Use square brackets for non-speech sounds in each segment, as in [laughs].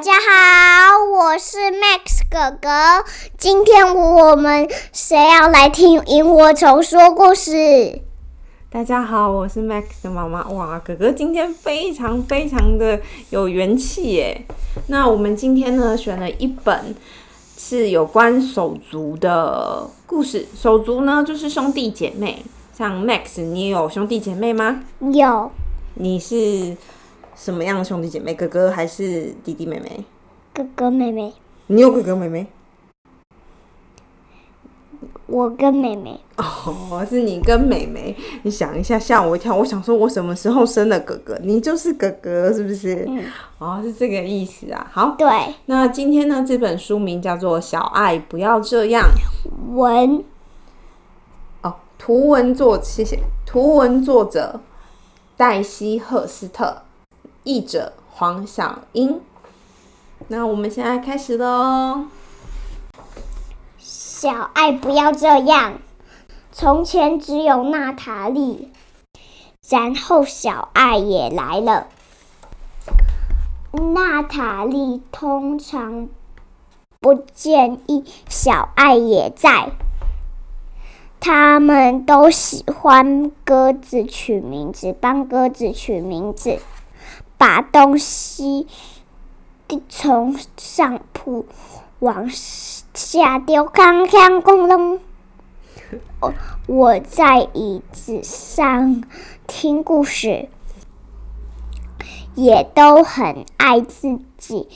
大家好，我是 Max 哥哥。今天我們誰要來聽螢火蟲說故事？大家好，我是 Max 的媽媽。哇，哥哥今天非常非常的有元氣耶！那我們今天呢，選了一本是有關手足的故事。手足呢，就是兄弟姐妹。像 Max，你有兄弟姐妹嗎？有。你是？什麼樣的兄弟姐妹？哥哥還是弟弟妹妹？哥哥妹妹。你有哥哥妹妹？ [laughs] 我跟妹妹。哦、oh,，是你跟妹妹。你想一下，嚇我一跳。我想說，我什麼時候生的哥哥？你就是哥哥，是不是？哦、嗯，oh, 是這個意思啊。好，對。那今天呢？這本書名叫做《小愛不要這樣》文。哦、oh,，圖文作，謝謝圖文作者黛西·赫斯特。譯者黃筱茵，那我們現在開始嘍。小艾不要這樣。從前只有納塔莉，然後小艾也來了。納塔莉通常不介意小艾也在。他們都喜歡鴿子取名字，幫鴿子取名字。把東西從上鋪往下丟，哐哐哐啷！我我在椅子上聽故事，也都很愛自己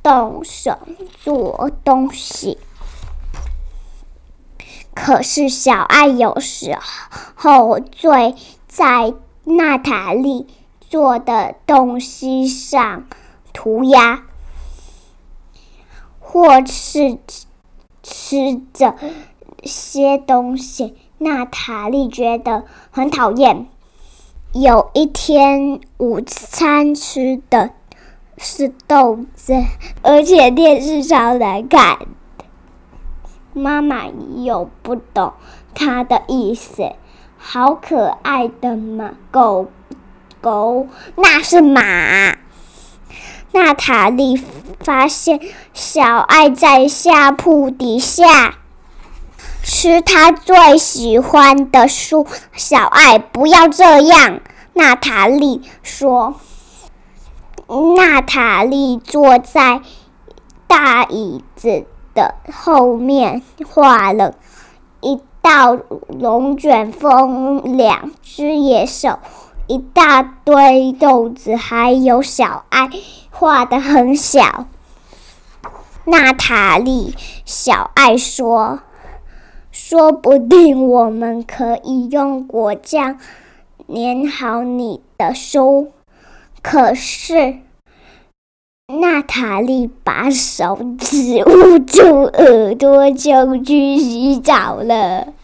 動手做東西。可是小艾有時候最在娜塔莉做的東西上塗鴉，或是吃着些東西，娜塔莉覺得很討厭。有一天午餐吃的是豆子，而且電視上來看，媽媽又不懂他的意思，好可愛的嘛狗。狗，哦，那是馬。娜塔莉發現小艾在下鋪底下吃她最喜歡的書。小艾，不要這樣！娜塔莉說。娜塔莉坐在大椅子的後面，畫了一道龍捲風，兩隻野獸。一大堆豆子，還有小艾畫得很小。納塔莉，小艾說：“說不定我們可以用果醬粘好你的書。”可是，納塔莉把手指捂住耳朵，就去洗澡了。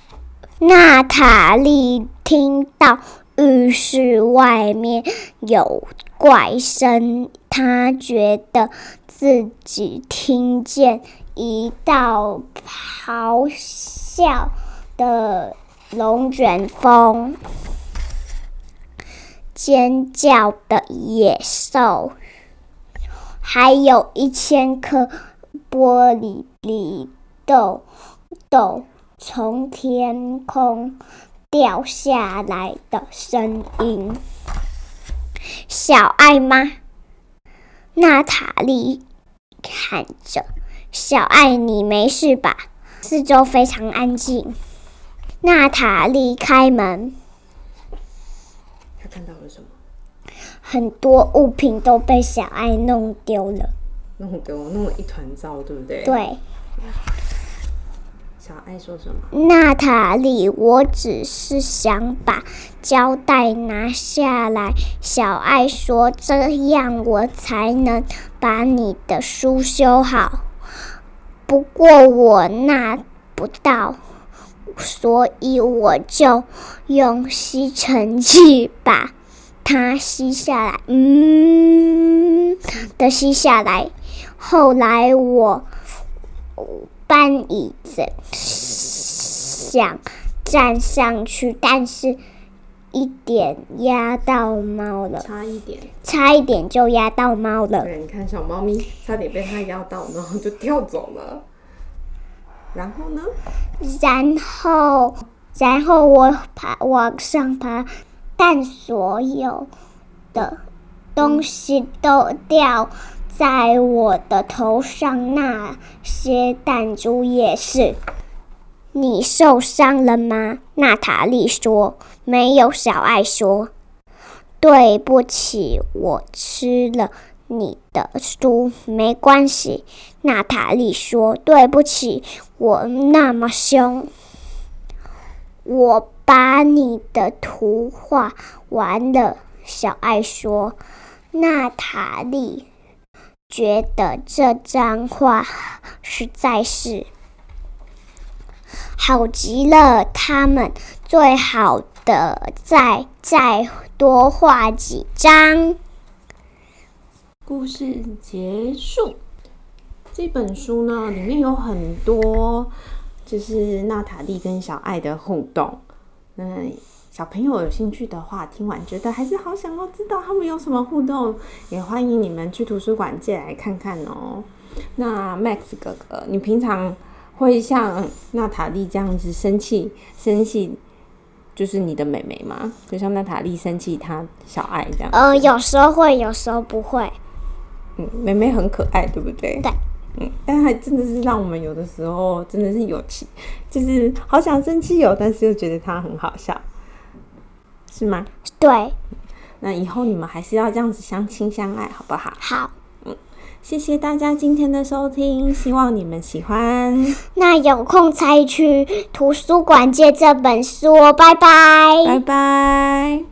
納塔莉聽到。浴室外面有怪聲，他覺得自己聽見一道咆哮的龍捲風、尖叫的野獸，還有一千顆玻璃裡抖豆從天空。掉下來的聲音。小艾嗎？娜塔莉喊着：“小艾，你沒事吧？”四周非常安靜。娜塔莉開門，她看到了什麼？很多物品都被小艾弄丟了，弄丟，弄了一團糟，對不對？對。小艾說什麼？娜塔莉，我只是想把膠帶拿下來。小艾說：“這樣我才能把你的書修好。”不過我拿不到，所以我就用吸塵器把它吸下來，嗯，的吸下來。後來我。搬椅子，想站上去，但是一點壓到貓了，差一點，差一點就壓到貓了。對，你看小貓咪差點被它壓到，然後就跳走了。然後呢？然後，然後我爬，往上爬，但所有的東西都掉，嗯在我的頭上，那些彈珠也是。你受傷了嗎？納塔莉說：“沒有。”小艾說：“對不起，我吃了你的書。”沒關係，納塔莉說：“對不起，我那麼凶，我把你的圖畫完了。”小艾說：“納塔莉。”覺得這張畫實在是好極了，他們最好的，再再多畫幾張。故事結束。這本書呢，裡面有很多就是納塔莉跟小艾的互動，嗯。小朋友有興趣的話，聽完覺得還是好想要知道他們有什麼互動，也歡迎你們去圖書館借來看看哦。那 Max 哥哥，你平常會像娜塔莉這樣子生氣？生氣就是你的妹妹嗎？就像娜塔莉生氣，她小愛這樣。呃，有時候會，有時候不會。嗯，妹妹很可愛，對不對？對。嗯，但還真的是讓我們有的時候真的是有氣，就是好想生氣哦，但是又覺得她很好笑。是嗎？對，那以後你們還是要這樣子相親相愛，好不好？好，嗯，謝謝大家今天的收聽，希望你們喜歡。那有空才去圖書館借這本書哦，拜拜，拜拜。